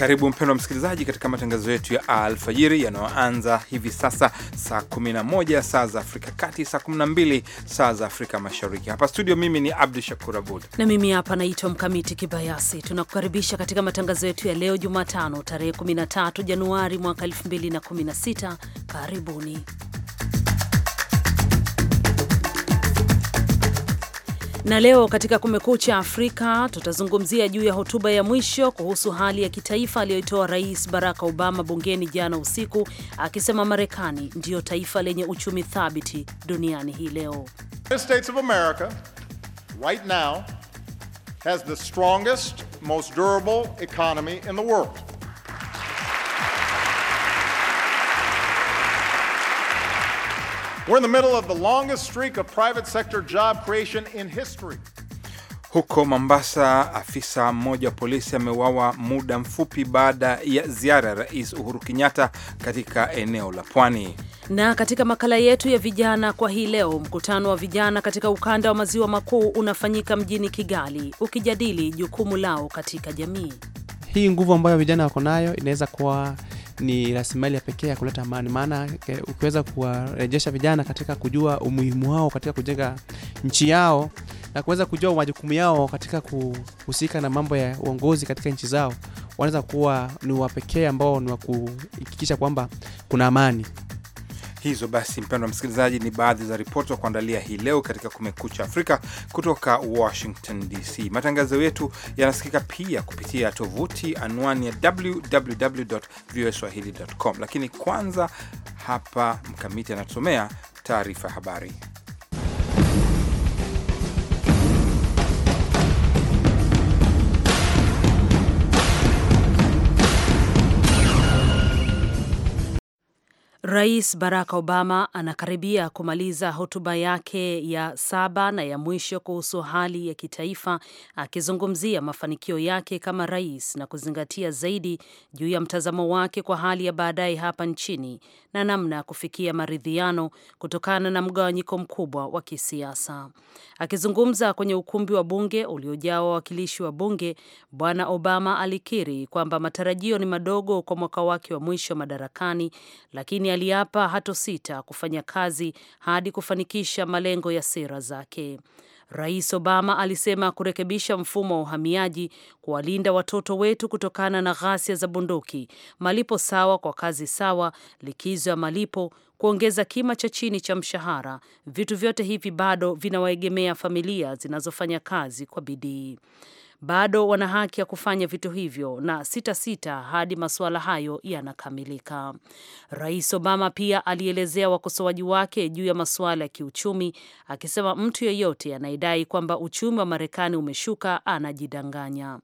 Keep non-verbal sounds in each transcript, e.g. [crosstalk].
Karibu mpendwa msikilizaji, katika matangazo yetu ya alfajiri yanayoanza hivi sasa saa 11 saa za Afrika Kati, saa 12 saa za Afrika Mashariki. Hapa studio, mimi ni Abdu Shakur Abud na mimi hapa naitwa Mkamiti Kibayasi. Tunakukaribisha katika matangazo yetu ya leo Jumatano, tarehe 13 Januari mwaka 2016. Karibuni. Na leo katika Kumekucha Afrika tutazungumzia juu ya hotuba ya mwisho kuhusu hali ya kitaifa aliyoitoa Rais Barack Obama bungeni jana usiku, akisema Marekani ndiyo taifa lenye uchumi thabiti duniani hii leo. Right now has the strongest, most durable economy in the world. We're in the middle of the longest streak of private sector job creation in history. Huko Mombasa, afisa mmoja wa polisi ameuawa muda mfupi baada ya ziara ya Rais Uhuru Kenyatta katika eneo la pwani. Na katika makala yetu ya vijana kwa hii leo, mkutano wa vijana katika ukanda wa maziwa makuu unafanyika mjini Kigali, ukijadili jukumu lao katika jamii. Hii nguvu ambayo vijana wako nayo inaweza kuwa ni rasilimali ya pekee ya kuleta amani, maana eh, ukiweza kuwarejesha vijana katika kujua umuhimu wao katika kujenga nchi yao na kuweza kujua majukumu yao katika kuhusika na mambo ya uongozi katika nchi zao, wanaweza kuwa ni wapekee ambao ni wa kuhakikisha kwamba kuna amani hizo basi, mpendwa msikilizaji, ni baadhi za ripoti za kuandalia hii leo katika Kumekucha Afrika kutoka Washington DC. Matangazo yetu yanasikika pia kupitia tovuti anwani ya www voa www.voaswahili.com, lakini kwanza hapa Mkamiti anatusomea taarifa ya habari. Rais Barack Obama anakaribia kumaliza hotuba yake ya saba na ya mwisho kuhusu hali ya kitaifa, akizungumzia mafanikio yake kama rais na kuzingatia zaidi juu ya mtazamo wake kwa hali ya baadaye hapa nchini na namna ya kufikia maridhiano kutokana na mgawanyiko mkubwa wa kisiasa. Akizungumza kwenye ukumbi wa bunge uliojaa wawakilishi wa bunge, Bwana Obama alikiri kwamba matarajio ni madogo kwa mwaka wake wa mwisho madarakani, lakini aliapa hato sita kufanya kazi hadi kufanikisha malengo ya sera zake. Rais Obama alisema kurekebisha mfumo wa uhamiaji, kuwalinda watoto wetu kutokana na ghasia za bunduki, malipo sawa kwa kazi sawa, likizo ya malipo, kuongeza kima cha chini cha mshahara. Vitu vyote hivi bado vinawaegemea familia zinazofanya kazi kwa bidii bado wana haki ya kufanya vitu hivyo na sitasita hadi masuala hayo yanakamilika. Rais Obama pia alielezea wakosoaji wake juu ya masuala ya kiuchumi, akisema mtu yeyote anayedai kwamba uchumi wa Marekani umeshuka anajidanganya.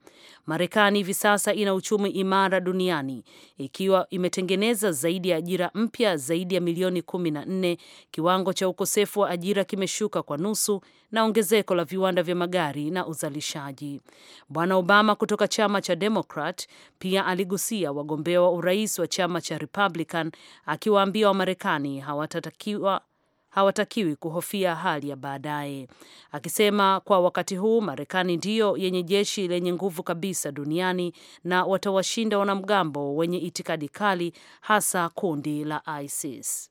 Marekani hivi sasa ina uchumi imara duniani ikiwa imetengeneza zaidi ya ajira mpya zaidi ya milioni 14, kiwango cha ukosefu wa ajira kimeshuka kwa nusu na ongezeko la viwanda vya magari na uzalishaji. Bwana Obama kutoka chama cha Democrat pia aligusia wagombea wa urais wa chama cha Republican akiwaambia Wamarekani hawatatakiwa hawatakiwi kuhofia hali ya baadaye, akisema kwa wakati huu Marekani ndiyo yenye jeshi lenye nguvu kabisa duniani na watawashinda wanamgambo wenye itikadi kali, hasa kundi la ISIS.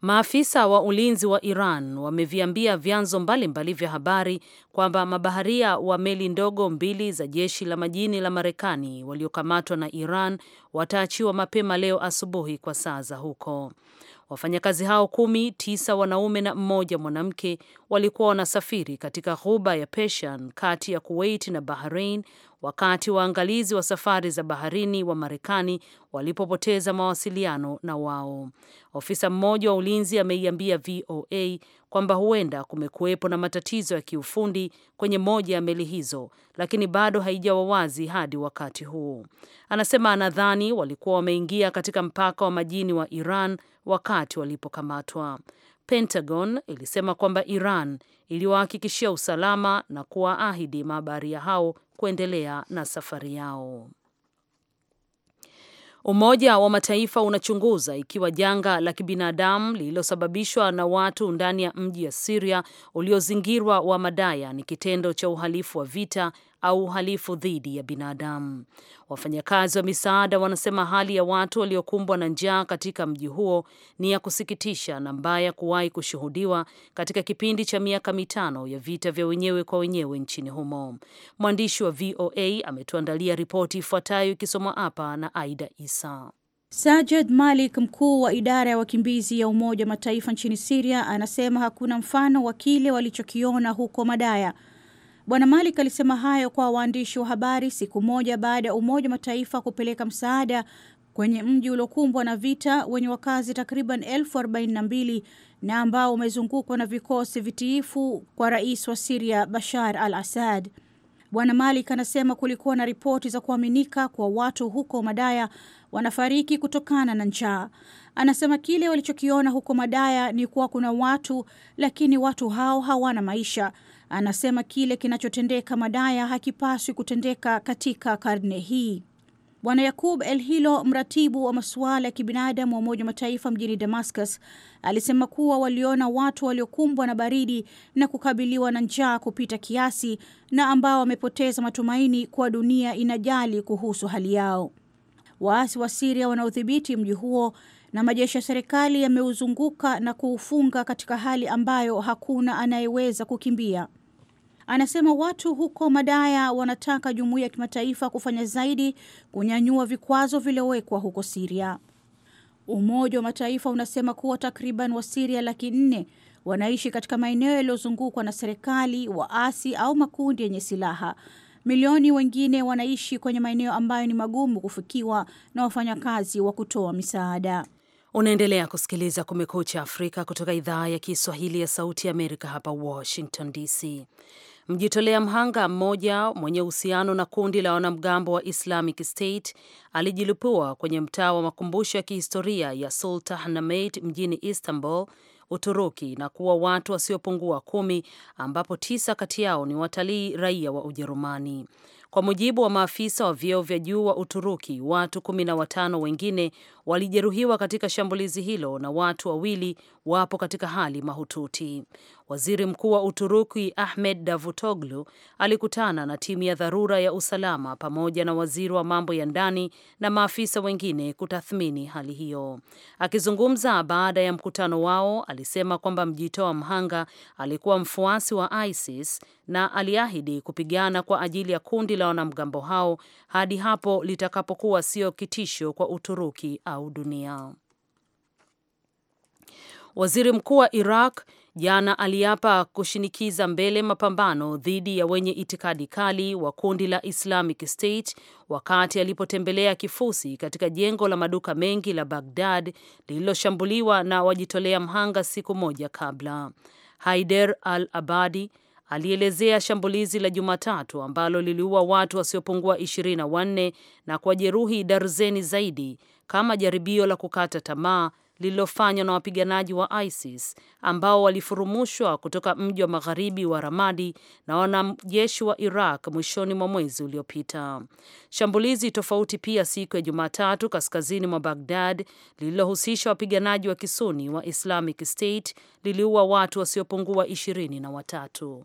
Maafisa wa ulinzi wa Iran wameviambia vyanzo mbalimbali vya habari kwamba mabaharia wa meli ndogo mbili za jeshi la majini la Marekani waliokamatwa na Iran wataachiwa mapema leo asubuhi kwa saa za huko. Wafanyakazi hao kumi, tisa wanaume na mmoja mwanamke walikuwa wanasafiri katika ghuba ya Persian kati ya Kuwait na Bahrain wakati waangalizi wa safari za baharini wa Marekani walipopoteza mawasiliano na wao. Ofisa mmoja wa ulinzi ameiambia VOA kwamba huenda kumekuwepo na matatizo ya kiufundi kwenye moja ya meli hizo, lakini bado haijawa wazi hadi wakati huu. Anasema anadhani walikuwa wameingia katika mpaka wa majini wa Iran wakati walipokamatwa. Pentagon ilisema kwamba Iran iliwahakikishia usalama na kuwaahidi mabaharia hao kuendelea na safari yao. Umoja wa Mataifa unachunguza ikiwa janga la kibinadamu lililosababishwa na watu ndani ya mji ya Siria uliozingirwa wa Madaya ni kitendo cha uhalifu wa vita au uhalifu dhidi ya binadamu. Wafanyakazi wa misaada wanasema hali ya watu waliokumbwa na njaa katika mji huo ni ya kusikitisha na mbaya kuwahi kushuhudiwa katika kipindi cha miaka mitano ya vita vya wenyewe kwa wenyewe nchini humo. Mwandishi wa VOA ametuandalia ripoti ifuatayo ikisomwa hapa na Aida Isa. Sajed Malik, mkuu wa idara ya wakimbizi ya Umoja wa Mataifa nchini Siria, anasema hakuna mfano wa kile walichokiona huko Madaya, Bwana Malik alisema hayo kwa waandishi wa habari siku moja baada ya Umoja wa Mataifa kupeleka msaada kwenye mji uliokumbwa na vita wenye wakazi takriban elfu arobaini na mbili na ambao umezungukwa na vikosi vitiifu kwa rais wa Siria Bashar al Assad. Bwana Malik anasema kulikuwa na ripoti za kuaminika kwa watu huko Madaya wanafariki kutokana na njaa. Anasema kile walichokiona huko Madaya ni kuwa kuna watu, lakini watu hao hawana maisha anasema kile kinachotendeka Madaya hakipaswi kutendeka katika karne hii. Bwana Yakub El Hilo, mratibu wa masuala ya kibinadamu wa Umoja wa Mataifa mjini Damascus, alisema kuwa waliona watu waliokumbwa na baridi na kukabiliwa na njaa kupita kiasi na ambao wamepoteza matumaini kuwa dunia inajali kuhusu hali yao. Waasi wa Siria wanaodhibiti mji huo na majeshi ya serikali yameuzunguka na kuufunga katika hali ambayo hakuna anayeweza kukimbia. Anasema watu huko Madaya wanataka jumuiya ya kimataifa kufanya zaidi kunyanyua vikwazo vilivyowekwa huko Siria. Umoja wa Mataifa unasema kuwa takriban Wasiria laki nne wanaishi katika maeneo yaliyozungukwa na serikali, waasi au makundi yenye silaha. Milioni wengine wanaishi kwenye maeneo ambayo ni magumu kufikiwa na wafanyakazi wa kutoa misaada. Unaendelea kusikiliza Kumekucha Afrika kutoka idhaa ya Kiswahili ya Sauti ya Amerika, hapa Washington DC. Mjitolea mhanga mmoja mwenye uhusiano na kundi la wanamgambo wa Islamic State alijilipua kwenye mtaa wa makumbusho ya kihistoria ya Sultanahmet mjini Istanbul, Uturuki, na kuwa watu wasiopungua kumi ambapo tisa kati yao ni watalii raia wa Ujerumani. Kwa mujibu wa maafisa wa vyeo vya juu wa Uturuki, watu kumi na watano wengine walijeruhiwa katika shambulizi hilo na watu wawili wapo katika hali mahututi. Waziri Mkuu wa Uturuki Ahmed Davutoglu alikutana na timu ya dharura ya usalama pamoja na waziri wa mambo ya ndani na maafisa wengine kutathmini hali hiyo. Akizungumza baada ya mkutano wao, alisema kwamba mjitoa mhanga alikuwa mfuasi wa ISIS na aliahidi kupigana kwa ajili ya kundi la wanamgambo hao hadi hapo litakapokuwa sio kitisho kwa Uturuki au dunia. Waziri mkuu wa Iraq jana aliapa kushinikiza mbele mapambano dhidi ya wenye itikadi kali wa kundi la Islamic State wakati alipotembelea kifusi katika jengo la maduka mengi la Baghdad lililoshambuliwa na wajitolea mhanga siku moja kabla. Haider al-Abadi alielezea shambulizi la Jumatatu ambalo liliua watu wasiopungua 24 na kuwajeruhi darzeni zaidi kama jaribio la kukata tamaa lililofanywa na wapiganaji wa ISIS ambao walifurumushwa kutoka mji wa magharibi wa Ramadi na wanajeshi wa Iraq mwishoni mwa mwezi uliopita. Shambulizi tofauti pia siku ya Jumatatu kaskazini mwa Bagdad lililohusisha wapiganaji wa Kisuni wa Islamic State liliua watu wasiopungua ishirini na watatu.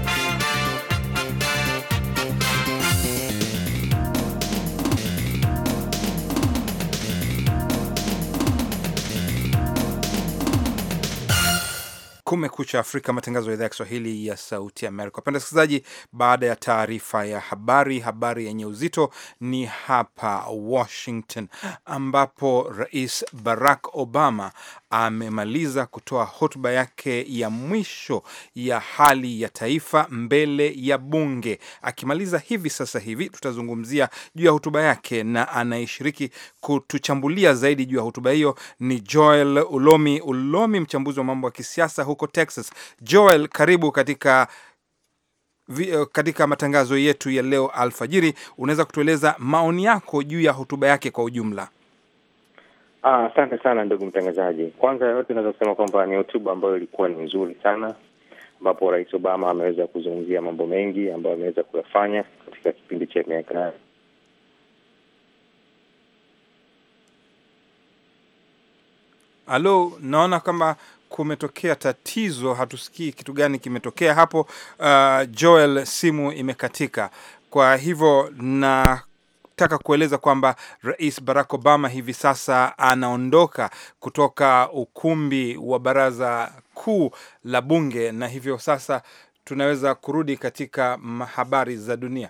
Kumekucha Afrika, matangazo ya idhaa ya Kiswahili ya Sauti Amerika. Wapenda wasikilizaji, baada ya taarifa ya habari, habari yenye uzito ni hapa Washington, ambapo Rais Barack Obama amemaliza kutoa hotuba yake ya mwisho ya hali ya taifa mbele ya bunge. Akimaliza hivi sasa hivi, tutazungumzia juu ya hotuba yake, na anayeshiriki kutuchambulia zaidi juu ya hotuba hiyo ni Joel Ulomi. Ulomi, mchambuzi wa mambo ya kisiasa huko huko Texas. Joel, karibu katika eh, katika matangazo yetu ya leo alfajiri. Unaweza kutueleza maoni yako juu ya hotuba yake kwa ujumla? Ah, asante ah, sana ndugu mtangazaji. Kwanza yote naweza kusema kwamba ni hotuba ambayo ilikuwa ni nzuri sana, ambapo Rais Obama ameweza kuzungumzia mambo mengi ambayo ameweza kuyafanya katika kipindi cha miaka Halo, naona kama kumetokea tatizo, hatusikii kitu gani kimetokea hapo. Uh, Joel, simu imekatika, kwa hivyo na taka kueleza kwamba Rais Barack Obama hivi sasa anaondoka kutoka ukumbi wa baraza kuu la bunge, na hivyo sasa tunaweza kurudi katika habari za dunia.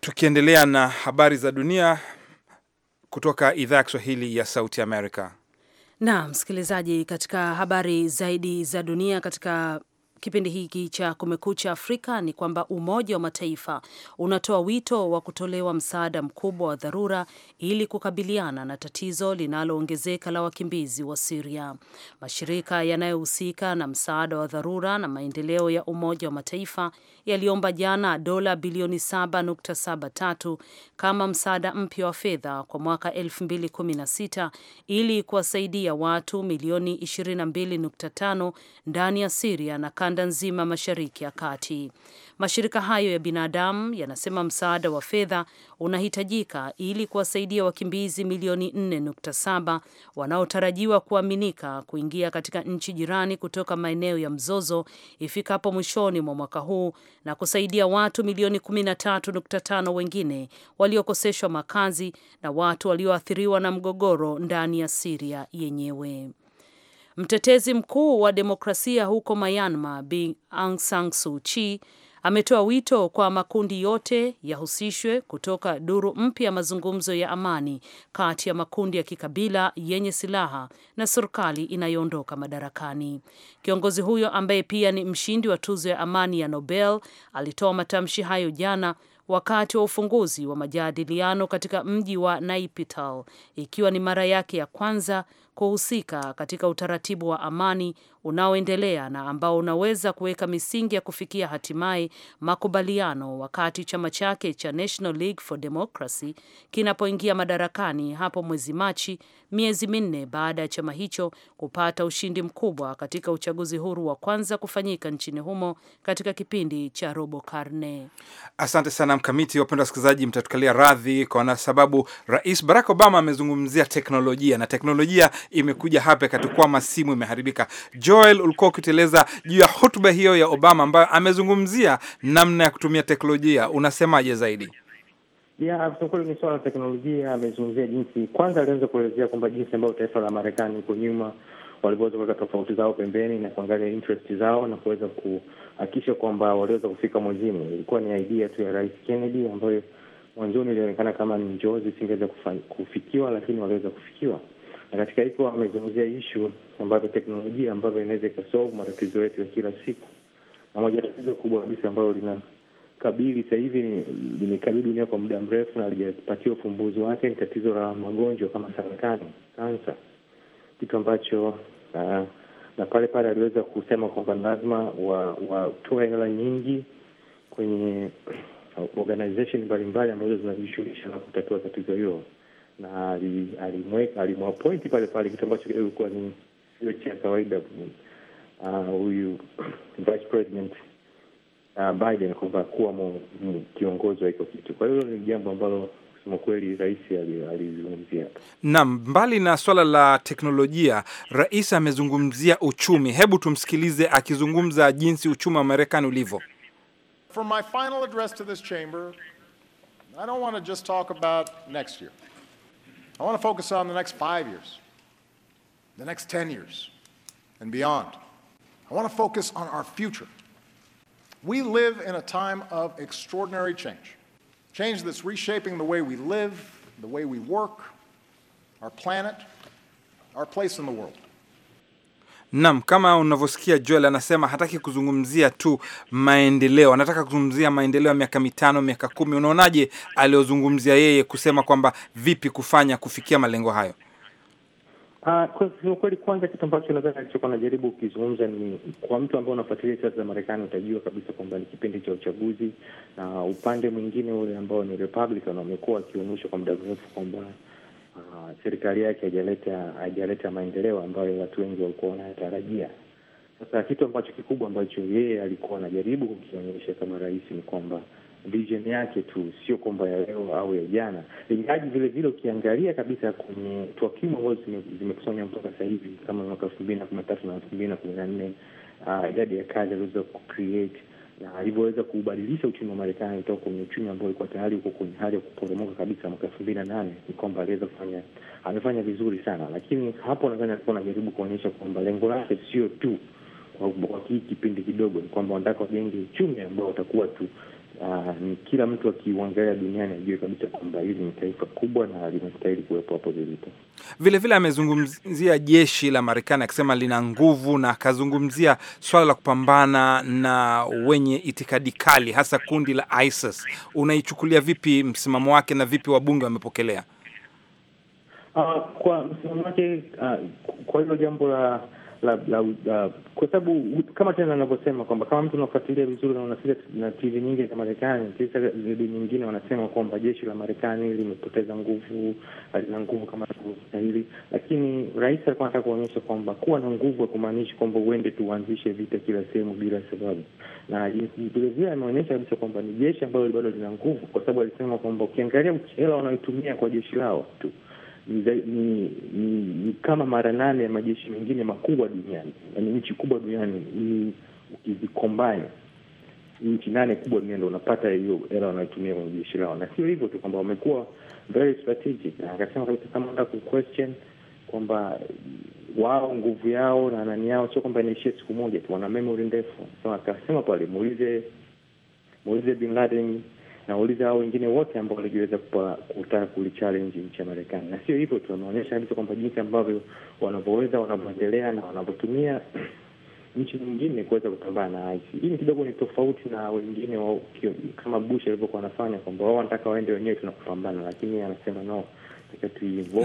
Tukiendelea na habari za dunia kutoka idhaa ya Kiswahili ya Sauti Amerika. Na msikilizaji, katika habari zaidi za dunia katika kipindi hiki cha Kumekucha Afrika ni kwamba Umoja wa Mataifa unatoa wito wa kutolewa msaada mkubwa wa dharura ili kukabiliana na tatizo linaloongezeka la wakimbizi wa Siria. Mashirika yanayohusika na msaada wa dharura na maendeleo ya Umoja wa Mataifa yaliomba jana dola bilioni 7.73 kama msaada mpya wa fedha kwa mwaka 2016 ili kuwasaidia watu milioni 22.5 ndani ya Siria na kanda nzima Mashariki ya Kati. Mashirika hayo ya binadamu yanasema msaada wa fedha unahitajika ili kuwasaidia wakimbizi milioni 4.7 wanaotarajiwa kuaminika kuingia katika nchi jirani kutoka maeneo ya mzozo ifikapo mwishoni mwa mwaka huu na kusaidia watu milioni 13.5 wengine waliokoseshwa makazi na watu walioathiriwa na mgogoro ndani ya Siria yenyewe. Mtetezi mkuu wa demokrasia huko Myanmar, Bi Aung San Suu Kyi ametoa wito kwa makundi yote yahusishwe kutoka duru mpya ya mazungumzo ya amani kati ya makundi ya kikabila yenye silaha na serikali inayoondoka madarakani. Kiongozi huyo ambaye pia ni mshindi wa tuzo ya amani ya Nobel alitoa matamshi hayo jana wakati wa ufunguzi wa majadiliano katika mji wa Naipital ikiwa ni mara yake ya kwanza kuhusika katika utaratibu wa amani unaoendelea na ambao unaweza kuweka misingi ya kufikia hatimaye makubaliano wakati chama chake cha National League for Democracy kinapoingia madarakani hapo mwezi Machi, miezi minne baada ya chama hicho kupata ushindi mkubwa katika uchaguzi huru wa kwanza kufanyika nchini humo katika kipindi cha robo karne. Asante sana Mkamiti. Wapenda wasikilizaji, mtatukalia radhi kwa sababu Rais Barack Obama amezungumzia teknolojia na teknolojia imekuja hapa ikatukwama simu imeharibika. Joel, ulikuwa ukiteleza juu ya hotuba hiyo ya Obama ambayo amezungumzia namna ya kutumia teknolojia, unasemaje zaidi? Ya, kweli ni swala la teknolojia. Amezungumzia jinsi, kwanza alianza kuelezea kwamba jinsi ambayo taifa la Marekani huko nyuma waliweza kuweka tofauti zao pembeni na kuangalia interest zao na kuweza kuhakikisha kwamba waliweza kufika mwezini. Ilikuwa ni idea tu ya Rais Kennedy ambayo mwanzoni ilionekana kama ni njozi, singeweza kufikiwa, lakini waliweza kufikiwa na katika hiko amezungumzia ishu ambazo teknolojia ambazo inaweza ikasolve matatizo yetu ya kila siku, na moja tatizo kubwa kabisa ambalo kabili sasa hivi limekabili dunia kwa muda mrefu na alijapatia ufumbuzi wake ni tatizo la magonjwa kama saratani, kansa, kitu ambacho na, na pale pale aliweza kusema kwamba lazima watoe wa hela nyingi kwenye organization mbalimbali ambazo zinajishughulisha na kutatua tatizo hilo na alimweka alimwapointi pale pale, kitu ambacho kidogo kuwa ni sio cha kawaida ah, huyu vice president ah, Biden kwamba kuwa kiongozi wa hiko kitu. Kwa hiyo ni jambo ambalo kusema kweli rais alizungumzia. Naam, mbali na swala la teknolojia, rais amezungumzia uchumi. Hebu tumsikilize akizungumza jinsi uchumi wa Marekani ulivyo. From my final address to this chamber, I don't want to just talk about next year. I want to focus on the next five years, the next 10 years, and beyond. I want to focus on our future. We live in a time of extraordinary change, change that's reshaping the way we live, the way we work, our planet, our place in the world. Naam, kama unavyosikia Joel anasema hataki kuzungumzia tu maendeleo, anataka kuzungumzia maendeleo ya miaka mitano, miaka kumi. Unaonaje aliyozungumzia yeye kusema kwamba vipi kufanya kufikia malengo hayo? Uh, kweli kwanza kitu ambacho nadhani alichokuwa najaribu ukizungumza ni kwa mtu ambaye unafuatilia siasa za Marekani utajua kabisa kwamba ni kipindi cha uchaguzi, na upande mwingine ule ambao ni Republican wamekuwa wakionyesha kwa muda mrefu kwamba uh, serikali yake haijaleta haijaleta maendeleo ambayo watu wengi walikuwa wanayatarajia. Sasa kitu ambacho kikubwa ambacho yeye alikuwa anajaribu kukionyesha kama rais ni kwamba vision yake tu, sio kwamba ya leo au ya jana, ingaji vile vile ukiangalia kabisa kwenye takwimu ambazo zimekusanywa mpaka sasa hivi kama mwaka elfu mbili na kumi na tatu na elfu mbili na kumi na nne uh, idadi ya kazi aliweza kucreate na alivyoweza kuubadilisha uchumi wa Marekani kutoka kwenye uchumi ambao ulikuwa tayari uko kwenye hali ya kuporomoka kabisa mwaka elfu mbili na nane ni kwamba aliweza kufanya, amefanya vizuri sana, lakini hapo nadhani alikuwa anajaribu kuonyesha kwamba lengo lake sio tu kwa kii kipindi kidogo, ni kwamba wanataka wajenge uchumi ambao utakuwa tu Ah, ni kila mtu akiuangalia duniani ajue kabisa kwamba hili ni taifa kubwa na linastahili kuwepo hapo lilipo. Vile vile amezungumzia jeshi la Marekani akisema lina nguvu, na akazungumzia swala la kupambana na wenye itikadi kali, hasa kundi la ISIS. Unaichukulia vipi msimamo wake na vipi wabunge wamepokelea? Uh, kwa msimamo wake uh, kwa hilo jambo la la, la, la kwa sababu kama tena anavyosema kwamba kama mtu unafuatilia vizuri na unasikia na TV nyingi za Marekani, redio nyingine wanasema kwamba jeshi la Marekani limepoteza nguvu, halina nguvu kama hili, lakini rais alikuwa anataka kuonyesha kwamba kuwa na nguvu akumaanishi kwamba uende tuanzishe vita kila sehemu bila sababu, na vilevile ameonyesha kabisa kwamba ni jeshi ambalo bado lina nguvu, kwa sababu alisema kwamba ukiangalia hela wanaoitumia kwa jeshi lao tu ni, ni, ni, ni kama mara nane ya majeshi mengine makubwa duniani, yaani nchi kubwa duniani ni nchi nane kubwa duniani ndo unapata hiyo hela wanayotumia kwenye jeshi lao. Na sio hivyo tu kwamba wamekuwa very strategic, na akasema kabisa kama enda kuquestion kwamba wao nguvu yao na nani yao sio kwamba inaishia siku moja tu, wana memory ndefu. So akasema pale muulize muulize Bin Laden nauliza hao wengine wote ambao walijiweza kutaka kulichallenge nchi ya Marekani. Na sio hivyo tu, wanaonyesha kabisa kwamba jinsi ambavyo wanavyoweza, wanavyoendelea na wanavyotumia [clears throat] nchi nyingine kuweza kupambana na ISIS. Hii kidogo ni tofauti na wengine wa kama Bush alivyokuwa anafanya kwamba wao wanataka waende wenyewe, tunakupambana, lakini anasema no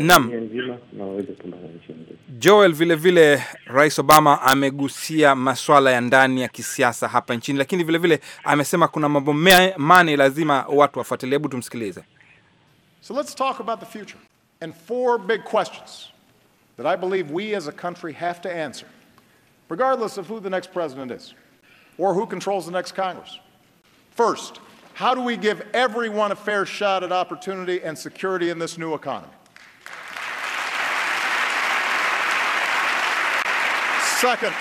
Naam. Joel, vile vile Rais Obama amegusia maswala ya ndani ya kisiasa hapa nchini, lakini vile vile amesema kuna mambo mane lazima watu wafuatilie. Hebu tumsikilize. So let's talk about the future and four big questions that I believe we as a country have to answer regardless of who the next president is or who controls the next Congress. First, How do we give everyone a fair shot at opportunity and security in this new economy? Second,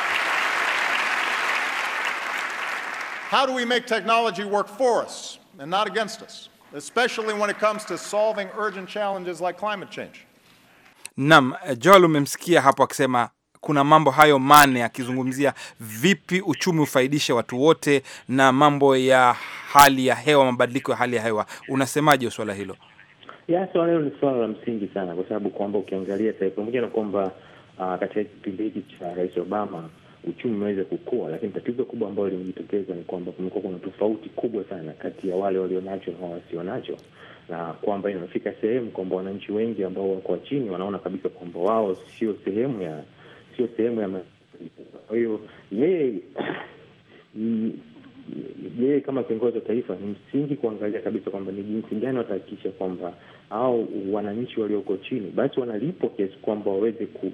how do we make technology work for us and not against us, especially when it comes to solving urgent challenges like climate change? Nam, Joel umemsikia hapo akisema kuna mambo hayo mane akizungumzia vipi uchumi ufaidishe watu wote na mambo ya hali ya hewa, mabadiliko ya hali ya hewa. Unasemaje swala hilo? Ya, swala hilo ni swala la msingi sana, kwa sababu kwamba ukiangalia sasa, pamoja na kwamba uh, katika kipindi hiki cha Rais Obama uchumi umeweza kukua, lakini tatizo kubwa ambalo limejitokeza ni kwamba kumekuwa kuna tofauti kubwa sana kati ya wale walionacho na wasionacho, na kwamba inafika sehemu kwamba wananchi wengi ambao wako chini wanaona kabisa kwamba wao sio sehemu ya sio sehemu ya Kwa hiyo yeye kama kiongozi wa taifa ni msingi kuangalia kabisa kwamba ni jinsi gani watahakikisha kwamba au wananchi walioko chini basi wanalipo kiasi kwamba waweze ku,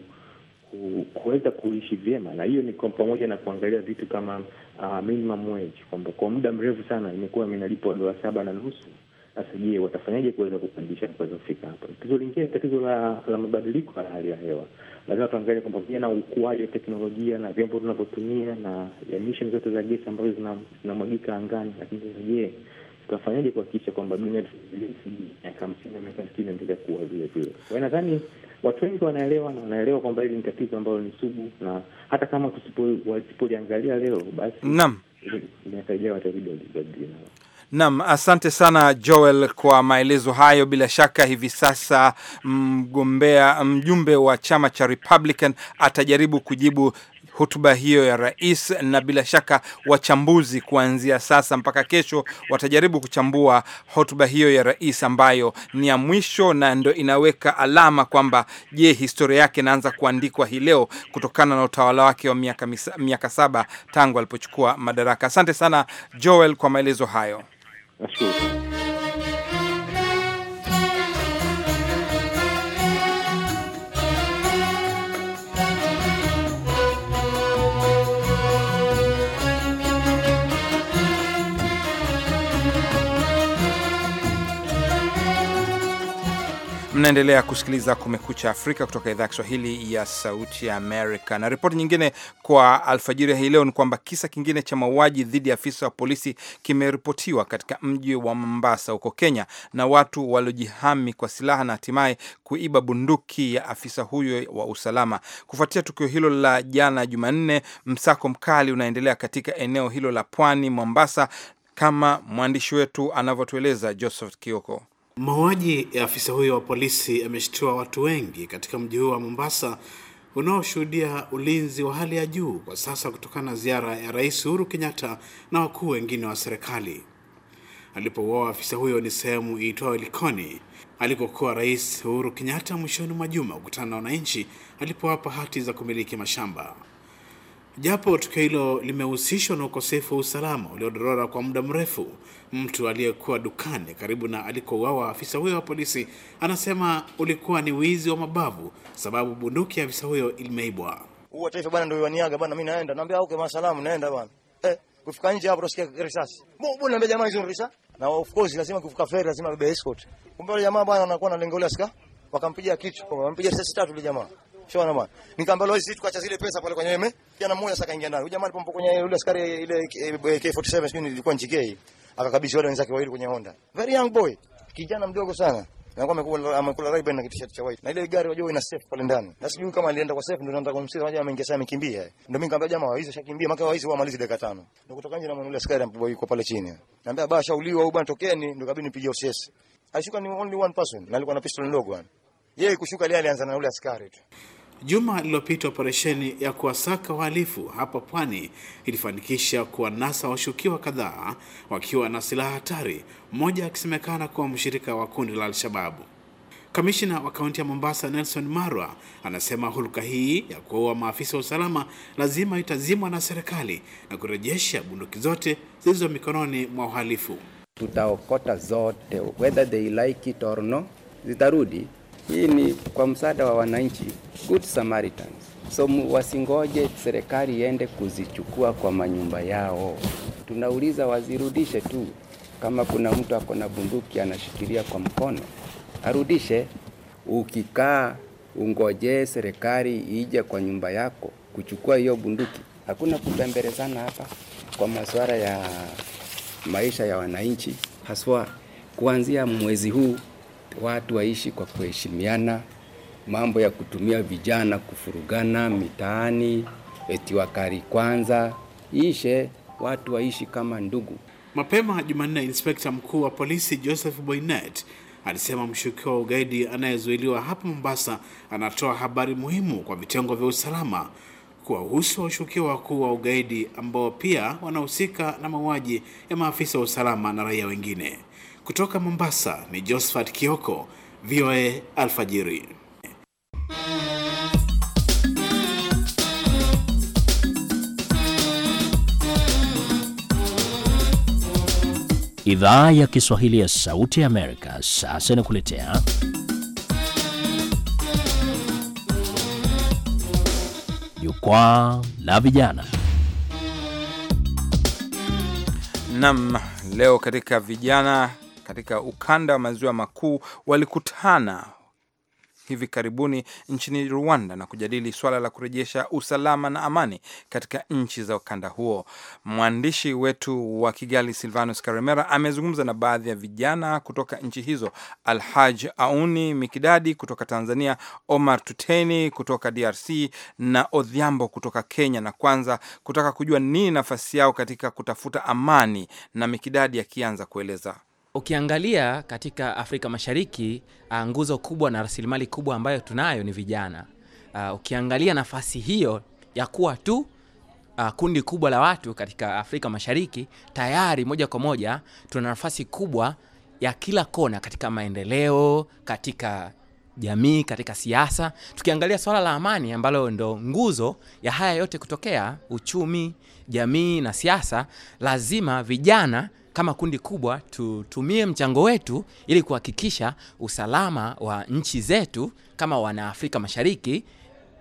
kuweza kuishi vyema, na hiyo ni pamoja na kuangalia vitu kama uh, minimum wage kwamba kwa muda mrefu sana imekuwa inalipwa dola saba na nusu sasa je, watafanyaje kuweza kupandisha kuweza kufika hapo? Tatizo lingine, tatizo la la mabadiliko ya hali ya hewa, lazima tuangalie kwamba pia na ukuaji wa teknolojia na vyombo tunavyotumia na emisheni zote za gesi ambazo zinamwagika angani, lakini sasa je tutafanyaje kuhakikisha kwamba dunia miaka hamsini na miaka sitini inaendelea kuwa vile vile? Kwa nadhani watu wengi wanaelewa na wanaelewa kwamba hili ni tatizo ambalo ni sugu, na hata kama tusipo wasipoliangalia leo, basi naam, miaka ijayo watarudi walijadili nao. Naam, asante sana Joel kwa maelezo hayo. Bila shaka hivi sasa mgombea mjumbe wa chama cha Republican atajaribu kujibu hotuba hiyo ya rais, na bila shaka wachambuzi kuanzia sasa mpaka kesho watajaribu kuchambua hotuba hiyo ya rais ambayo ni ya mwisho na ndo inaweka alama kwamba, je, historia yake inaanza kuandikwa hii leo kutokana na utawala wake wa miaka, miaka saba tangu alipochukua madaraka. Asante sana Joel kwa maelezo hayo. Ascolta. Mnaendelea kusikiliza Kumekucha Afrika kutoka idhaa ya Kiswahili ya Sauti ya Amerika. Na ripoti nyingine kwa alfajiri hii leo ni kwamba kisa kingine cha mauaji dhidi ya afisa wa polisi kimeripotiwa katika mji wa Mombasa huko Kenya, na watu waliojihami kwa silaha na hatimaye kuiba bunduki ya afisa huyo wa usalama. Kufuatia tukio hilo la jana Jumanne, msako mkali unaendelea katika eneo hilo la pwani Mombasa, kama mwandishi wetu anavyotueleza Joseph Kioko. Mauaji ya afisa huyo wa polisi yameshtua watu wengi katika mji huo wa Mombasa unaoshuhudia ulinzi wa hali ya juu kwa sasa kutokana na ziara ya Rais Uhuru Kenyatta na wakuu wengine wa serikali. Alipouawa afisa huyo ni sehemu iitwayo Likoni alikokuwa Rais Uhuru Kenyatta mwishoni mwa juma kukutana na wananchi alipowapa hati za kumiliki mashamba. Japo tukio hilo limehusishwa na ukosefu wa usalama uliodorora kwa muda mrefu, mtu aliyekuwa dukani karibu na alikouawa afisa huyo wa polisi anasema ulikuwa ni wizi wa mabavu, sababu bunduki ya afisa huyo ilimeibwa. Huwa taifa bwana, ndio waniaga bwana, mimi naenda naambia ah, okay, masalamu naenda bwana eh, kufika nje hapo nasikia risasi mbona, naambia jamaa hizo risa na of course lazima kufika feri, lazima bebe escort. Kumbe wale jamaa bwana wanakuwa na lengo la sika, wakampiga kichwa, wakampiga risasi tatu ile jamaa Shona bwana. Nikamwambia leo sisi tukaacha zile pesa pale kwenye yeye. Kijana mmoja saka ingia ndani. Huyu jamaa alipompoko kwenye yule askari ile K47 eh, eh, sijui nilikuwa nchi gay. Akakabidhi wale wenzake wawili kwenye Honda. Very young boy. Kijana mdogo sana. Na kwa amekula amekula Ray-Ban na t cha white. Na ile gari wajua ina safe pale ndani. Na sijui kama alienda kwa safe ndio nataka kumsikiza wajua ameingia sasa amekimbia. Ndio mimi nikamwambia jamaa waizi shakimbia maka waizi malizi dakika tano. Ndio kutoka nje na mwanule askari ambaye yuko pale chini. Naambia ba shauliwa au bwana tokeni ndio kabini nipige OCS. Alishuka ni only one person na alikuwa na pistol ndogo bwana. Yeye kushuka leo alianza na yule askari tu. Juma lililopita operesheni ya kuwasaka wahalifu hapa Pwani ilifanikisha kuwanasa washukiwa kadhaa wakiwa na silaha hatari, mmoja akisemekana kuwa mshirika wa kundi la Alshababu. Kamishina wa kaunti ya Mombasa Nelson Marwa anasema hulka hii ya kuwaua maafisa wa usalama lazima itazimwa na serikali na kurejesha bunduki zote zilizo mikononi mwa wahalifu. Tutaokota zote whether they like it or no, zitarudi hii ni kwa msaada wa wananchi, Good Samaritans. So wasingoje serikali iende kuzichukua kwa manyumba yao, tunauliza wazirudishe tu. Kama kuna mtu ako na bunduki anashikilia kwa mkono, arudishe. Ukikaa ungojee serikali ije kwa nyumba yako kuchukua hiyo bunduki, hakuna kupembelezana hapa kwa masuala ya maisha ya wananchi, haswa kuanzia mwezi huu watu waishi kwa kuheshimiana, mambo ya kutumia vijana kufurugana mitaani eti wakari kwanza ishe, watu waishi kama ndugu. Mapema Jumanne, inspekta mkuu wa polisi Joseph Boynet alisema mshukiwa wa ugaidi anayezuiliwa hapa Mombasa anatoa habari muhimu kwa vitengo vya usalama kuwahusu washukiwa wakuu wa ugaidi ambao pia wanahusika na mauaji ya maafisa wa usalama na raia wengine. Kutoka Mombasa ni Josephat Kioko, VOA Alfajiri. Idhaa ya Kiswahili ya Sauti ya Amerika sasa inakuletea Jukwaa la Vijana. Nam, leo katika vijana katika ukanda wa maziwa makuu walikutana hivi karibuni nchini Rwanda na kujadili swala la kurejesha usalama na amani katika nchi za ukanda huo. Mwandishi wetu wa Kigali, Silvanus Karemera, amezungumza na baadhi ya vijana kutoka nchi hizo: Alhaj Auni Mikidadi kutoka Tanzania, Omar Tuteni kutoka DRC na Odhiambo kutoka Kenya, na kwanza kutaka kujua nini nafasi yao katika kutafuta amani, na Mikidadi akianza kueleza Ukiangalia katika Afrika Mashariki uh, nguzo kubwa na rasilimali kubwa ambayo tunayo ni vijana. Uh, ukiangalia nafasi hiyo ya kuwa tu uh, kundi kubwa la watu katika Afrika Mashariki, tayari moja kwa moja tuna nafasi kubwa ya kila kona katika maendeleo, katika jamii, katika siasa, tukiangalia swala la amani ambalo ndo nguzo ya haya yote kutokea, uchumi, jamii na siasa, lazima vijana kama kundi kubwa tutumie mchango wetu ili kuhakikisha usalama wa nchi zetu kama Wanaafrika Mashariki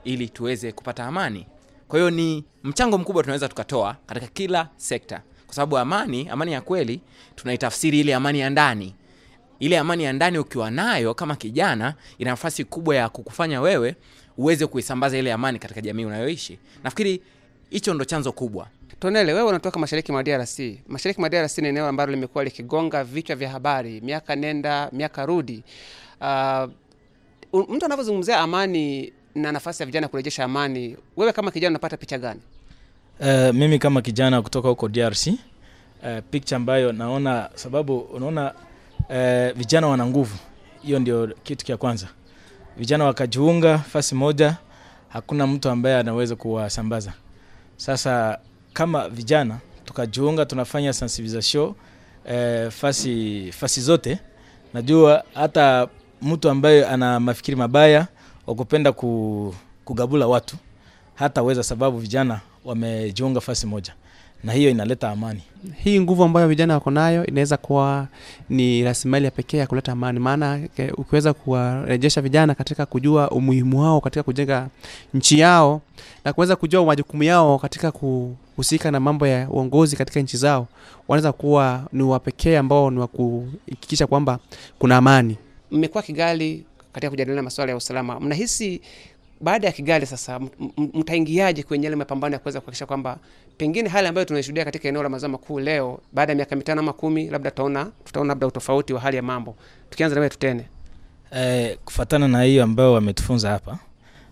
ili tuweze kupata amani. Kwa hiyo ni mchango mkubwa tunaweza tukatoa katika kila sekta, kwa sababu amani, amani ya kweli tunaitafsiri ile amani ya ndani ile amani ya ndani ukiwa nayo kama kijana, ina nafasi kubwa ya kukufanya wewe uweze kuisambaza ile amani katika jamii unayoishi. Nafikiri hicho ndo chanzo kubwa. Tonele, wewe unatoka mashariki mwa DRC. Mashariki mwa DRC ni eneo ambalo limekuwa likigonga vichwa vya habari miaka nenda miaka rudi. Uh, mtu anavyozungumzia amani na nafasi ya vijana kurejesha amani, wewe kama kijana unapata picha gani? Uh, mimi kama kijana kutoka huko DRC, uh, picha ambayo naona, sababu unaona eh, vijana wana nguvu. Hiyo ndio kitu cha kwanza, vijana wakajiunga fasi moja, hakuna mtu ambaye anaweza kuwasambaza. Sasa kama vijana tukajiunga, tunafanya sensibilisation eh, fasi, fasi zote. Najua hata mtu ambaye ana mafikiri mabaya wakupenda kugabula watu hataweza, sababu vijana wamejiunga fasi moja na hiyo inaleta amani. Hii nguvu ambayo vijana wako nayo inaweza kuwa ni rasilimali ya pekee ya kuleta amani, maana ukiweza kuwarejesha vijana katika kujua umuhimu wao katika kujenga nchi yao na kuweza kujua majukumu yao katika kuhusika na mambo ya uongozi katika nchi zao, wanaweza kuwa ni wapekee ambao ni wa kuhakikisha kwamba kuna amani. Mmekuwa Kigali katika kujadiliana masuala ya usalama, mnahisi baada ya Kigali sasa mtaingiaje kwenye yale mapambano ya kuweza kuhakikisha kwamba pengine hali ambayo tunaishuhudia katika eneo la mazao makuu leo, baada ya miaka mitano ama kumi, labda tutaona tutaona labda utofauti wa hali ya mambo. Tukianza nawe Tutene, eh, kufatana na hiyo ambayo wametufunza hapa,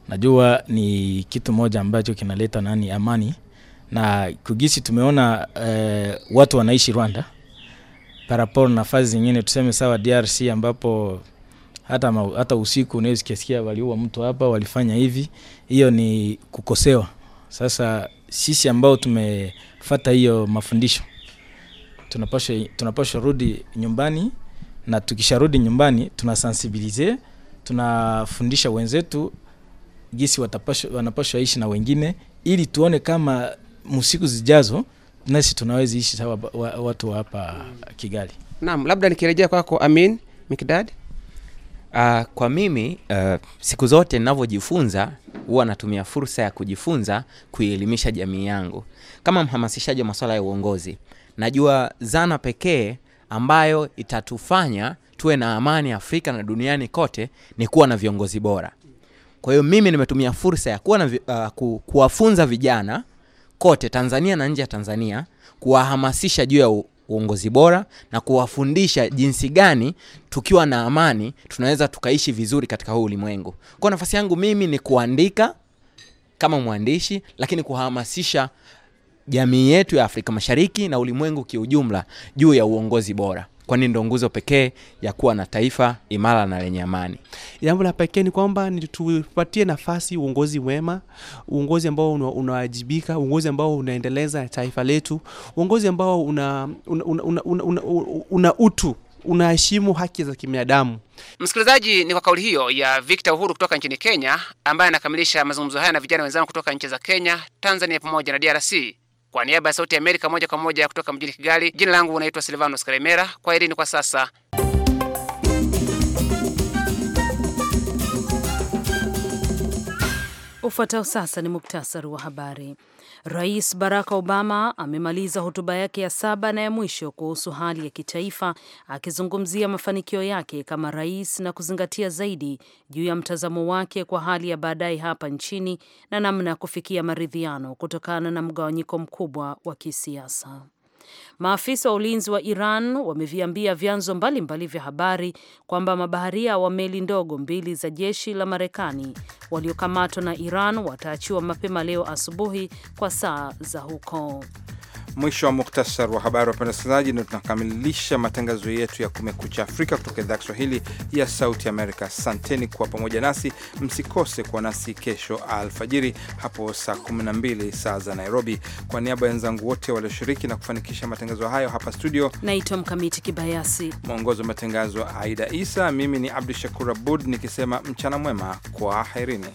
najua ni kitu moja ambacho kinaleta nani amani na kugisi tumeona eh, watu wanaishi Rwanda parapor nafasi zingine, tuseme sawa DRC ambapo hata, ma, hata usiku unaweza kusikia waliua mtu hapa, walifanya hivi. Hiyo ni kukosewa sasa sisi ambao tumefata hiyo mafundisho tunapaswa tunapaswa rudi nyumbani, na tukisharudi nyumbani tunasensibilize, tunafundisha wenzetu gisi wanapaswa ishi na wengine, ili tuone kama msiku zijazo nasi tunaweza ishi sawa watu wa hapa Kigali. Naam, labda nikirejea kwako Amin Mikdad. Uh, kwa mimi uh, siku zote ninavyojifunza huwa natumia fursa ya kujifunza kuielimisha jamii yangu kama mhamasishaji wa masuala ya uongozi. Najua zana pekee ambayo itatufanya tuwe na amani Afrika na duniani kote ni kuwa na viongozi bora. Kwa hiyo mimi nimetumia fursa ya kuwa na, uh, ku, kuwafunza vijana kote Tanzania na nje ya Tanzania kuwahamasisha juu ya uongozi bora na kuwafundisha jinsi gani tukiwa na amani tunaweza tukaishi vizuri katika huu ulimwengu. Kwa nafasi yangu mimi ni kuandika kama mwandishi, lakini kuhamasisha jamii yetu ya Afrika Mashariki na ulimwengu kiujumla juu ya uongozi bora kwani ndo nguzo pekee ya kuwa na taifa imara na lenye amani. Jambo la pekee ni kwamba tupatie nafasi uongozi wema, uongozi ambao unawajibika, uongozi ambao unaendeleza taifa letu, uongozi ambao una, una, una, una, una, una, una utu unaheshimu haki za kibinadamu. Msikilizaji, ni kwa kauli hiyo ya Victor Uhuru kutoka nchini Kenya ambaye anakamilisha mazungumzo haya na vijana wenzangu kutoka nchi za Kenya, Tanzania pamoja na DRC. Kwa niaba ya Sauti ya Amerika moja kwa moja kutoka mjini Kigali, jina langu unaitwa Silvanos Karemera. Kwa herini kwa sasa. Ufuatao sasa ni muktasari wa habari. Rais Barack Obama amemaliza hotuba yake ya saba na ya mwisho kuhusu hali ya kitaifa, akizungumzia mafanikio yake kama rais na kuzingatia zaidi juu ya mtazamo wake kwa hali ya baadaye hapa nchini na namna ya kufikia maridhiano kutokana na mgawanyiko mkubwa wa kisiasa. Maafisa wa ulinzi wa Iran wameviambia vyanzo mbalimbali vya habari kwamba mabaharia wa meli ndogo mbili za jeshi la Marekani waliokamatwa na Iran wataachiwa mapema leo asubuhi kwa saa za huko. Mwisho wa muktasar wa habari, wapenda wasikilizaji, ndio tunakamilisha matangazo yetu ya Kumekucha Afrika kutoka idhaa Kiswahili ya Sauti Amerika. Asanteni kuwa pamoja nasi, msikose kuwa nasi kesho alfajiri hapo saa 12 saa za Nairobi. Kwa niaba ya wenzangu wote walioshiriki na kufanikisha matangazo hayo hapa studio, naitwa Mkamiti Kibayasi, mwongozi wa matangazo Aida Isa, mimi ni Abdu Shakur Abud nikisema mchana mwema, kwa herini